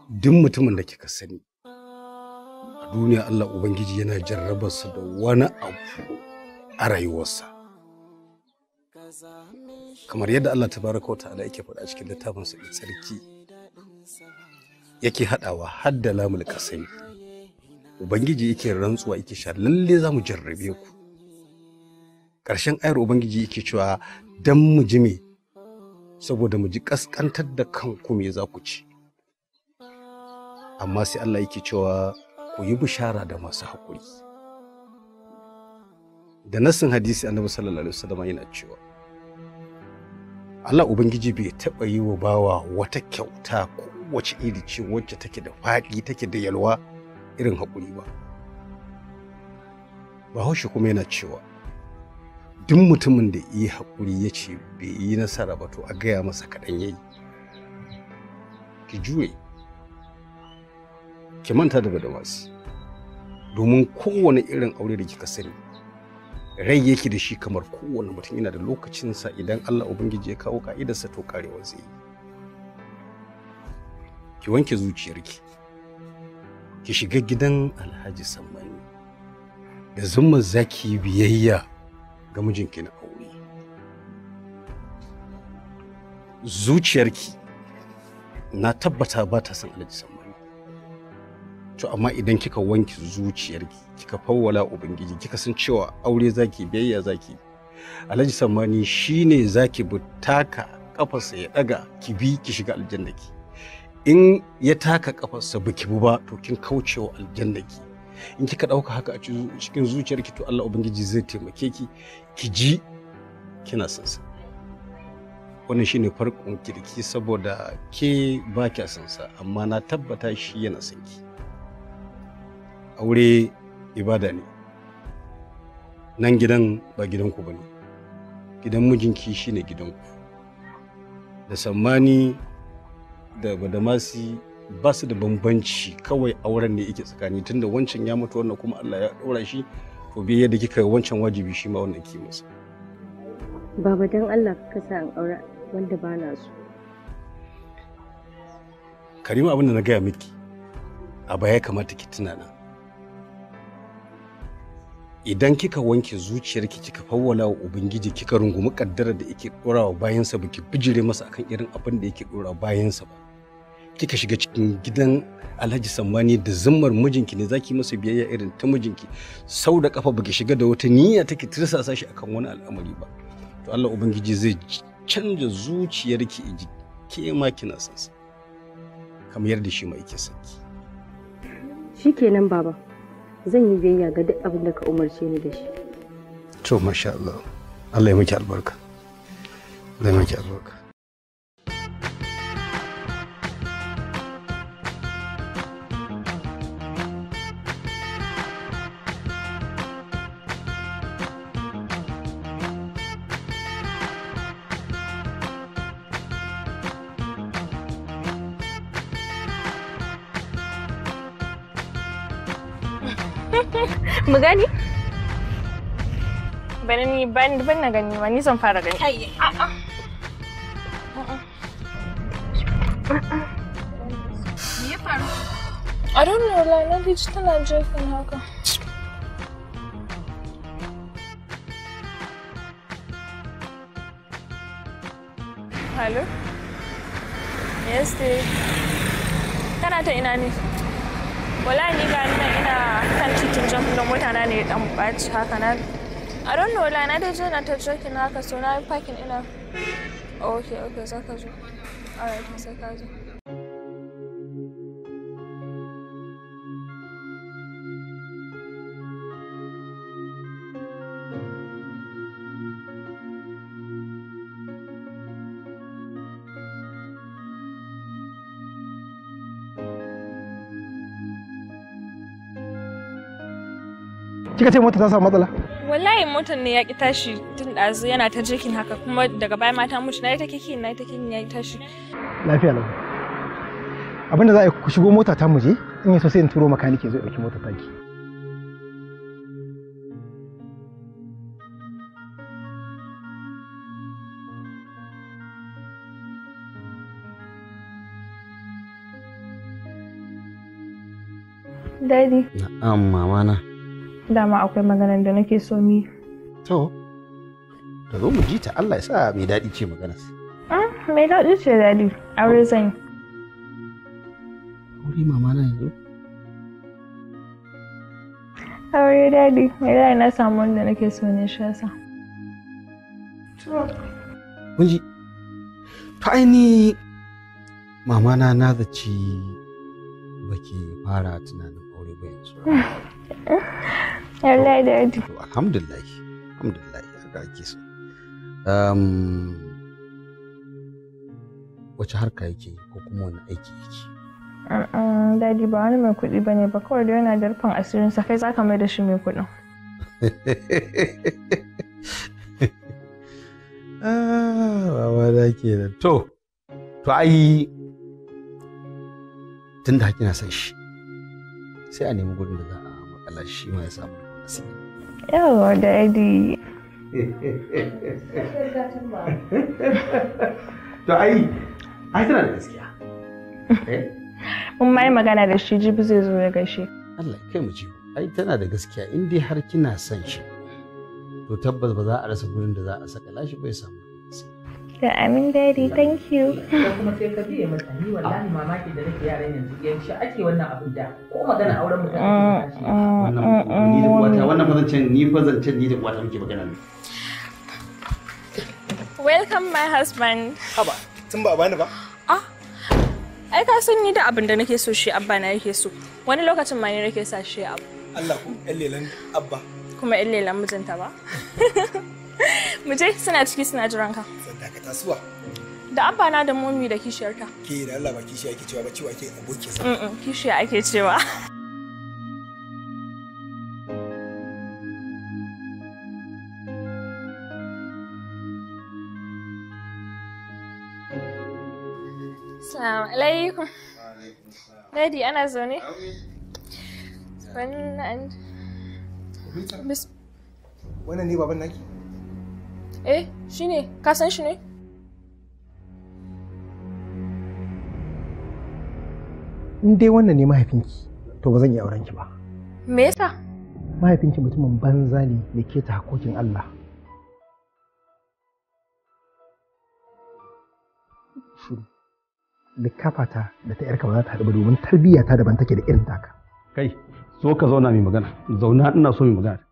duk mutumin da kika sani a duniya Allah Ubangiji yana jarrabarsa da wani abu a rayuwarsa kamar yadda Allah Ta baraka wata ala yake faɗa cikin littafin sa tsarki yake haɗawa har da lamul kasai ubangiji yake rantsuwa yake sha lalle za mu jarrabe ku ƙarshen ayar ubangiji yake cewa dan mu ji me saboda mu ji kaskantar da kanku me za ku ci amma sai Allah yake cewa ku yi bishara da masu haƙuri da nassin hadisi annabi sallallahu alaihi wasallam yana cewa Allah Ubangiji bai taɓa yi wa bawa wata kyauta ko kowace iri ce wacce take da faɗi take da yalwa irin haƙuri ba. Bahaushe kuma yana cewa duk mutumin da yi haƙuri ya ce bai yi nasara ba to a gaya masa kaɗan ya yi. Ki juye, ki manta da masu domin kowane irin aure da kika sani rai yake da shi kamar kowane mutum yana da lokacinsa idan Allah Ubangiji ya kawo ka'idarsa to karewa zai yi. Ki wanke zuciyarki, ki shiga gidan Alhaji Sammani, da zumma zaki biyayya ga mijinki na aure. Zuciyarki na tabbata ba ta san Alhaji Sammani. to amma idan kika wanke zuciyarki kika fawwala ubangiji kika san cewa aure zaki biyayya zaki alhaji sammani shine zaki butaka taka kafarsa ya daga ki bi ki shiga aljannaki in ya taka kafarsa biki bu ba to kin kaucewa aljannaki in kika dauka haka a cikin zuciyarki to Allah ubangiji zai taimake ki ki ji kina son sa wannan shine farkon kirki saboda ke ba kya son sa amma na tabbata shi yana son ki aure ibada ne nan gidan ba gidanku ba ne gidan mijinki shine gidanku da sammani da badamasi ba su da bambanci kawai auren ne yake tsakani tunda wancan ya mutu wannan kuma Allah ya ɗora shi to biye yadda kika wancan wajibi shi ma wannan ke masa baba dan Allah ka sa aure wanda ba na so Karima abin da na gaya miki a baya kamata ki tunana idan kika wanke zuciyarki kika fawwala wa ubangiji kika rungumi kaddara da yake dora wa bayansa ba ki bijire masa akan irin abin da yake dora bayansa ba kika shiga cikin gidan alhaji sammani da zimmar mijinki ne zaki masa biyayya irin ta mijinki sau da kafa baki shiga da wata niyya take tirsasa shi akan wani al'amari ba to Allah ubangiji zai canja zuciyarki iji ke ma kina son sa kamar yadda shi ma yake son ki shikenan baba zan yi biyayya ga duk abin da ka umarce ni da shi to masha Allah Allah ya miki albarka Allah ya miki albarka ban ban na gani ma ni fara gani. Kai. Me ya faru? I don't know, na haka. Hello? Yes, Kana ta ina ne? Wala ni ina kan titin jan mota na ne dan baci haka na I don't know like na dai je na ta na haka so na parking ina okay okay za ka zo alright sai ka zo kika ce mota ta samu matsala wallahi motar ne ya ki tashi tun ɗazu yana ta jirkin haka kuma daga baya mata mutu na yi ta kiki na yi ta kiki ya tashi lafiya lau abinda za a yi ku shigo mota ta muje in yi sosai sai in turo makaniki zai ɗauki mota taki Daddy. Na'am, mama na. dama akwai maganar da nake so mi to da zo mu ji ta Allah ya sa mai daɗi ce magana ah, mai daɗi ce daɗi aure zan yi aure mama na yanzu aure daɗi mai daɗi na samu wanda nake so ne shi yasa kun ji ta aini mama na na zaci baki fara tunanin aure ba yanzu Wallahi da yadda. Alhamdulillah. Alhamdulillah haka ake so. Wace harka yake ko kuma wani aiki yake? Dadi ba wani mai kuɗi ba ne ba kawai da yana da rufin asirin sa kai za ka mai da shi mai kuɗin. Ah, baba da ke da to, to ai tun da kina son shi sai a nemi gudun da za a makala shi ma ya samu. Yawa daddy. To ai, ai tana da gaskiya. Eh? Mun mai magana da shi jibi zai zo ya gaishe. Allah kai mu jibi. Ai tana da gaskiya in dai har kina son shi. To tabbas ba za a rasa gurin da za a saka lashi bai samu. da amin daddy, thank you. kuma sai ka biye masa ni wallahi mamaki da nake yaran yanzu yanzu ake wannan abin da ko magana auren mutum mm, mm, wannan mm, wata wannan fa can ni fa can ni da wata muke magana ne. Welcome my husband. Haba, tun ba bani ba? Ah. Ai ka san ni da abin da nake so shi abba na yake so. Wani lokacin ma ni nake sa shi abu. Allah ku ƴan lelan abba. Kuma ƴan lelan mijinta ba. mu je suna ciki suna jiran ka dakata suwa da abba na da momi da kishiyarta ke da Allah ba kishiya ake cewa ba cewa ake aboki sa kishiya ake cewa Assalamu alaikum. Daddy, ana zaune? Wannan ne baban naki? Eh, shi ne, ka san shi ne? In dai wannan ne mahaifinki, to ba zan iya auren ki ba. Me yasa? Mahaifinki mutumin banza ne da ke ta hakokin Allah. Likafata da ta ‘yarka ba za ta haɗu ba domin tarbiyya ta daban take da irin taka. Kai, zo ka zauna mai magana, zauna ina so mai magana.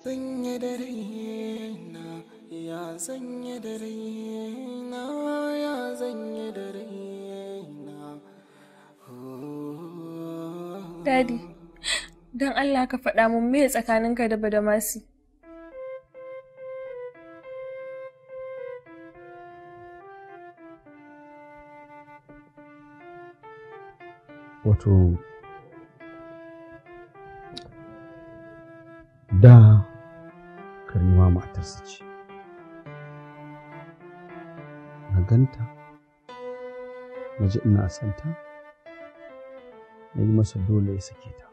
zanye dare raina ya zanye dare raina ya zanye dare raina Daddy don Allah ka faɗa mun me tsakaninka da Badamasi Wato da matarsa ce na ganta na ji ina santa na yi masa dole ya sake ta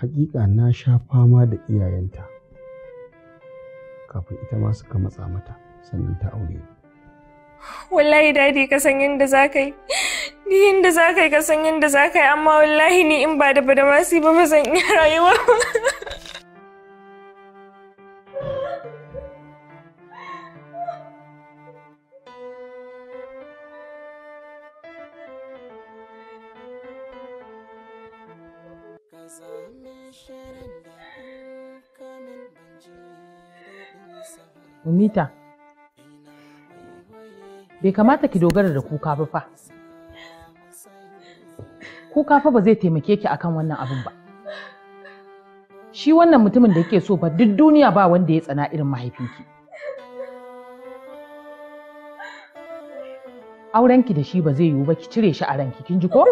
hakika na sha fama da iyayenta kafin ita ma suka matsa mata sannan ta aure wallahi dadi ka san yadda za ka yi ni yadda za ka yi ka san yadda za ka yi amma wallahi ni in ba da badamasi ba ba zan iya rayuwa mita bai kamata ki dogara da kuka ba fa kuka fa ba zai taimake ki akan wannan abin ba shi wannan mutumin da yake so ba duk duniya ba wanda ya tsana irin mahaifinki aurenki da shi ba zai yiwu ba ki cire shi a ranki kin ji ko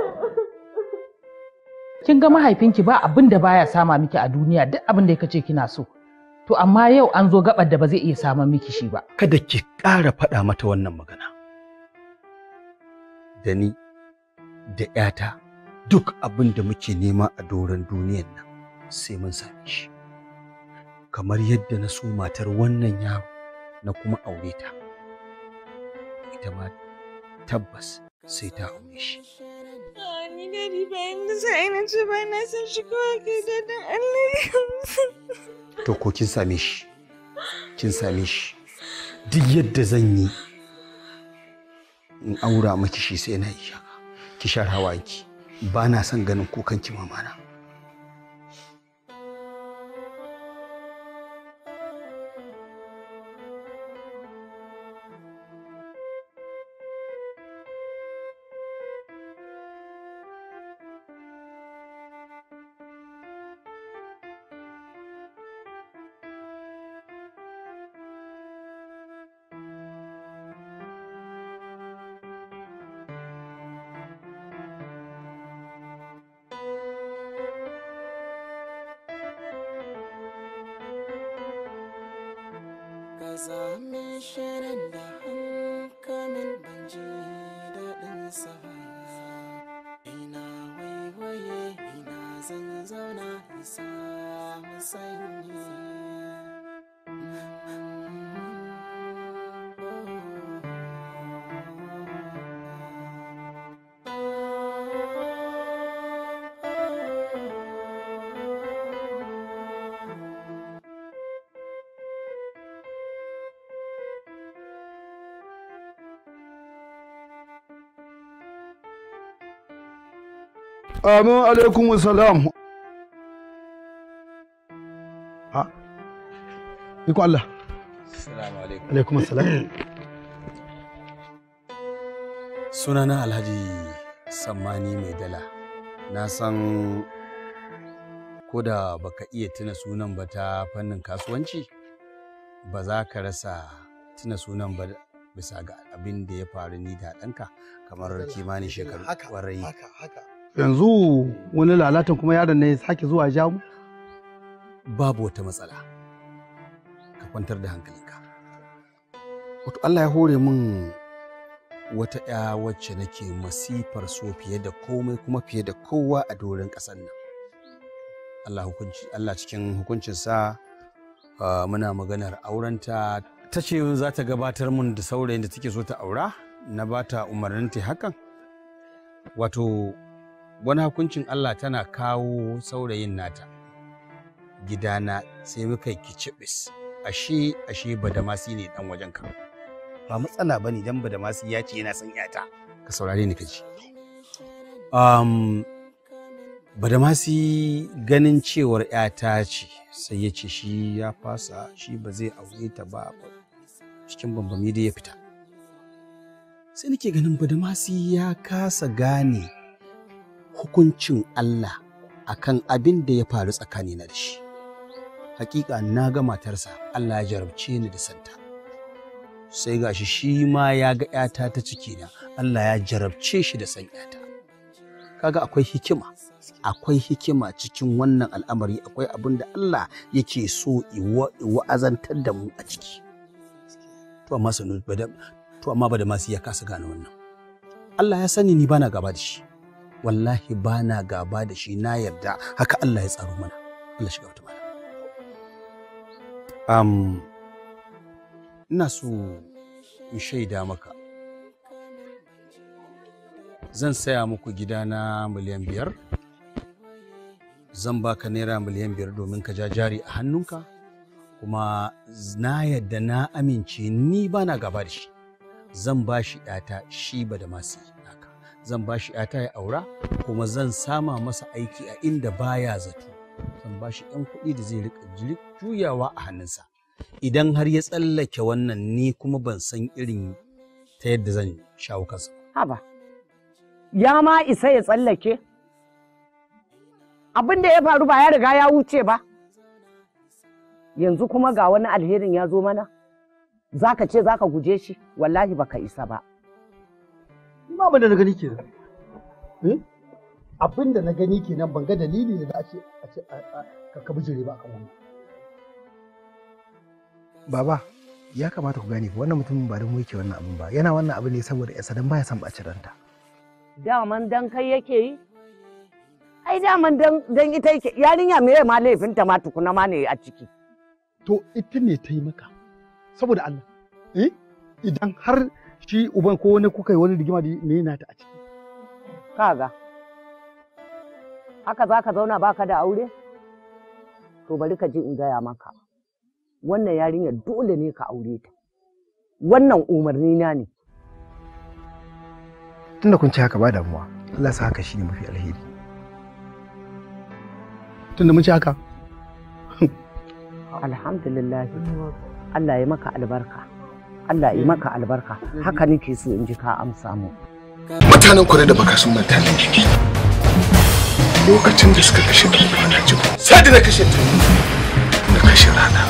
kin ga mahaifinki ba abinda baya sama miki a duniya duk abin da ya kace kina so To amma yau an zo gabar da ba zai iya samun miki shi ba. Kada ki ƙara faɗa mata wannan magana. Da ni da ‘yata duk abin da muke nema a doron duniyan nan sai mun same shi. Kamar yadda na so matar wannan yaro na kuma aure ta. Ita ma tabbas sai ta aure shi. gari bayan da sai na ba na kai da Allah ya to ko kin same shi kin same shi duk yadda zan yi in aura miki shi sai na yi shaka ki ba na son ganin kukan ki mamana Amin alaikum salam. Ha? Iko Allah. Assalamu alaikum. Alaikum assalam. Sunana Alhaji Sammani Mai Dala. Na san ko da baka iya tuna sunan ba ta fannin kasuwanci ba za ka rasa tuna sunan ba bisa ga abin da ya faru ni da ɗanka kamar kimanin shekaru ƙwarai. Haka, haka, haka. yanzu wani lalatan kuma yaron ne ya sake zuwa ja mu babu wata matsala ka kwantar da hankalinka wato Allah ya hore min wata ya wacce nake masifar so fiye da komai kuma fiye da kowa a doron ƙasar nan Allah cikin hukuncinsa sa ah, muna maganar aurenta ta ce za ta gabatar mun da saurayin da take so ta aura na bata umarnin ta hakan wato wani hukuncin Allah tana kawo saurayin nata gidana sai muka yi kicibis ashe ashe badamasi ne dan wajen ka ba matsala bane dan badamasi ya ce yana son yata ka saurare ni kaji um, badamasi ganin cewar yata ce sai ya ce shi ya fasa shi ba zai aure ta ba cikin bambami da ya fita sai nake ganin badamasi ya kasa gane hukuncin Allah akan abin da ya faru tsakani na da shi hakika na ga matarsa Allah ya jarabce ni da santa sai gashi shi ma ya ga ‘yata ta ciki na Allah ya jarabce shi da san ‘yata kaga akwai hikima akwai hikima cikin wannan al'amari akwai abin da Allah yake so wa'azantar da mu a ciki to amma ba da masu ya kasa gane wannan Allah ya sani ni bana gaba da shi wallahi ba na gaba da shi na yarda haka Allah ya tsaro mana Allah shiga wata mana um, ina so in shaida maka zan saya muku gida na miliyan biyar zan baka naira miliyan biyar domin ka ja jari a hannunka kuma na yadda na amince ni ba na gaba da shi zan ba shi 'yata shi ba da masu yi zan ba shi ta ya aura kuma zan sama masa aiki a inda baya zato zan ba shi ɗan kuɗi da zai riƙa juyawa a hannunsa idan har ya tsallake wannan ni kuma ban san irin ta yadda zan shawo kansa haba ya ma isa ya tsallake abin da ya faru ba ya riga ya wuce ba yanzu kuma ga wani alherin ya zo mana za ka ce za ka guje shi wallahi baka isa ba Abin da na gani ke eh? Abin da na gani ke nan banga dalili da za a ce a ka bijire ba kan wannan. Baba, ya kamata ku gane wannan mutumin ba da muke wannan abin ba yana wannan abin ne saboda ya sadan baya son ɓaci ranta. Daman dan kai yake yi? Ai daman dan ita yake yarinya me ma laifinta ma tukuna ma ne a ciki. To ita ne ta yi maka saboda Allah. Eh? Idan har shi uban ko wani kuka yi wani rigima da me yana ta a ciki kaga haka za ka zauna baka da aure to bari ka je in gaya maka wannan yarinyar dole ne ka aure ta wannan umarni na ne tunda kun ci haka ba damuwa Allah sa haka shine mafi alheri tunda mun ci haka alhamdulillah Allah ya maka albarka Allah yi maka albarka haka nake so in ji ka amsa mu mutanen kure da baka sun manta da jiki lokacin da suka kashe ta na ji sai da na kashe ta na kashe rana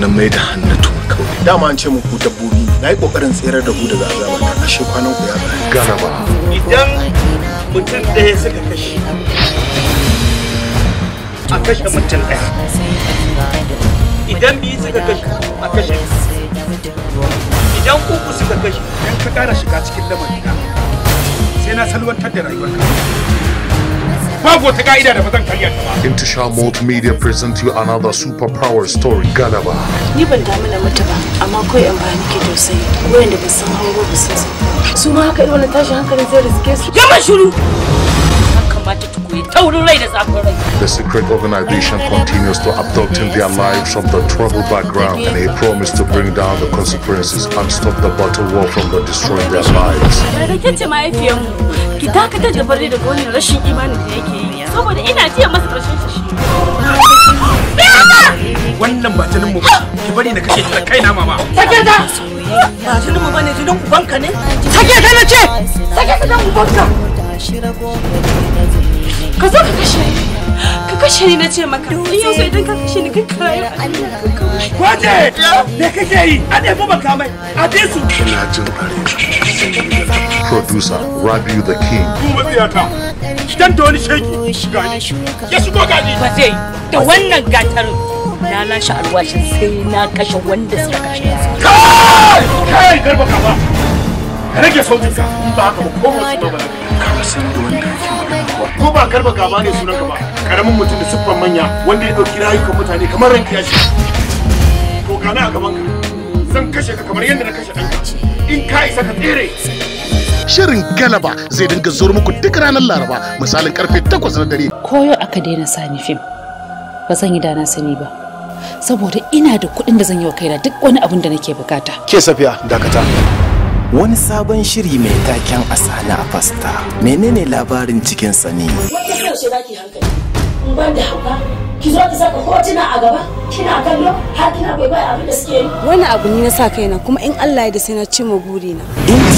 na mai da hannatu kawai dama an ce muku dabbobi na yi kokarin tserar da ku daga azaba ta kashe kwanan ku ya gana ba idan mutum ɗaya suka kashe a kashe mutum ɗaya idan biyu suka kashe a kashe idan uku suka kashe idan ka kara shiga cikin lamarina sai na salwantar da rayuwarka babu wata ka'ida da ba zan karya ta ba Intisha present you another superpower story Galaba ni ban damu da mutu ba amma kawai an ba nake tausayi wayanda ba san hango ba sun su ma haka I'm going to zai able su yamma it. da zafin rai. The secret organization continues to abducting their lives from the troubled background and a promise to bring down the consequences and stop the battle war from the destroying their lives. da Wannan ba jinin mu ba, ki bari na kashe ta kaina mama. Sake ta! Ba jinin mu bane jinin ne? Sake ta na Sake ta dan ubanka! ka zo ka kashe ni ka kashe ni na ce maka in yau sai dan ka kashe ni kai ka rayu waje me kake yi a dai ɗaya mai a ɗaya su ina jin are producer Rabiu the King kuma tsiyata dan da wani sheki gani ya shigo gani ba zai da wannan gatar na lashe alwashin sai na kashe wanda suka kashe su kai kai garba ka ba ka rage sautin ka ba ka ba ko ba ba ka san da wanda yake ko ba karba gaba ne sunan ka ba karamin mutum da siffar manya wanda ya dauki rayukan mutane kamar ranki ya shi to gana a gaban ka zan kashe ka kamar yadda na kashe ɗanka in ka isa ka tsere Shirin Galaba zai dinga zuwa muku duk ranar Laraba misalin karfe 8 na dare. Koyo aka daina sani fim. Ba zan yi dana sani ba. Saboda ina da kuɗin da zan yi wa kaina duk wani abin da nake bukata. Ke Safiya, dakata. wani sabon shiri mai taken asana a fasta menene labarin cikin sani wata yaushe za ki hankali in ban da hauka ki zo ki saka hotuna a gaba kina kallo har kina bai bai abin da suke yi wani abu ne na sa kaina kuma in Allah ya da sai na cimma burina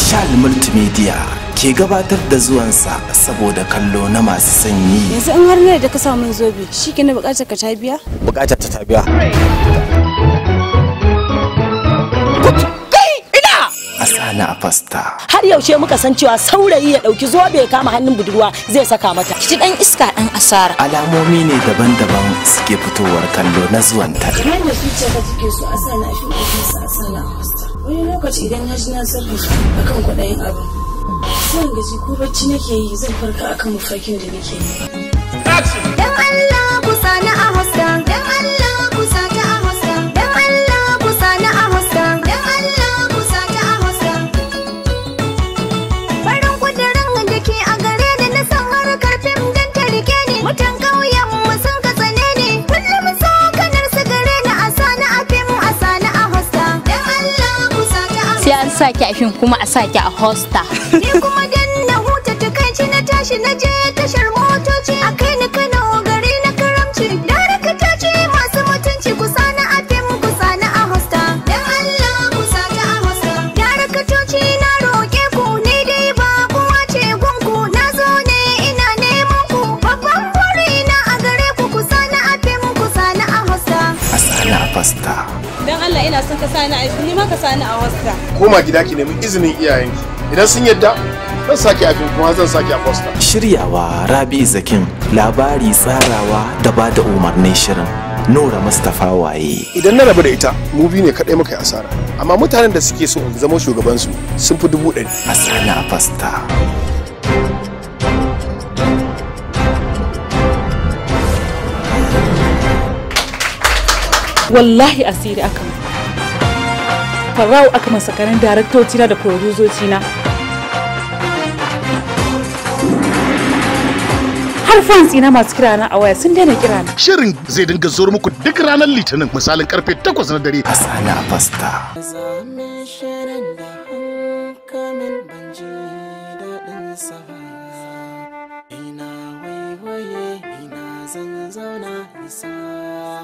sha Multimedia ke gabatar da zuwansa saboda kallo na masu sanyi yanzu in har ne da ka samu zobe shi ke na bukatar ka ta biya bukatar ta ta biya a Fasta. Har yaushe muka san cewa saurayi ya ɗauki zobe ya kama hannun budurwa zai saka mata. Ki ɗan iska ɗan asara. Alamomi ne daban-daban suke fitowar kallo na zuwan ta. Kamar da su ta take so a sa na shi ko a sa na Fasta. Wani lokaci idan na ji na sarrafa shi akan abin. abu. Zan gaji ko bacci nake yi zan farka akan mafarkin da nake yi. saki a fim kuma a saki a hosta ni kuma dan na huta tukanci kai na tashi na je tashar motoci a kai ni Allah ina son ka sani a ni ma ka sani a wasta koma gida ki nemi izinin iyayenki idan sun yadda zan sake a kuma zan sake a fosta shiryawa rabi zakin labari tsarawa da ba da umarnin shirin Nora Mustapha waye. Idan na rabu da ita, mu biyu ne kaɗai muka yi asara. Amma mutanen da suke so in zama shugabansu sun fi dubu ɗari. Asana Fasta. Wallahi asiri aka farau aka masa sakarin daraktoci na da produzoci na har fans ina masu kira na a waya sun daina kira na shirin zai dinga zuwa muku duk ranar litinin misalin karfe 8 na dare asana fasta Ina waiwaye zan zauna isa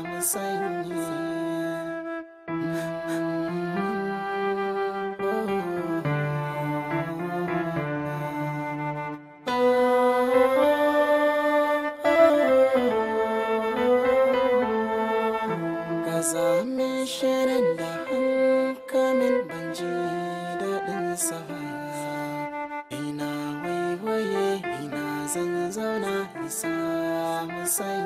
musanyi same.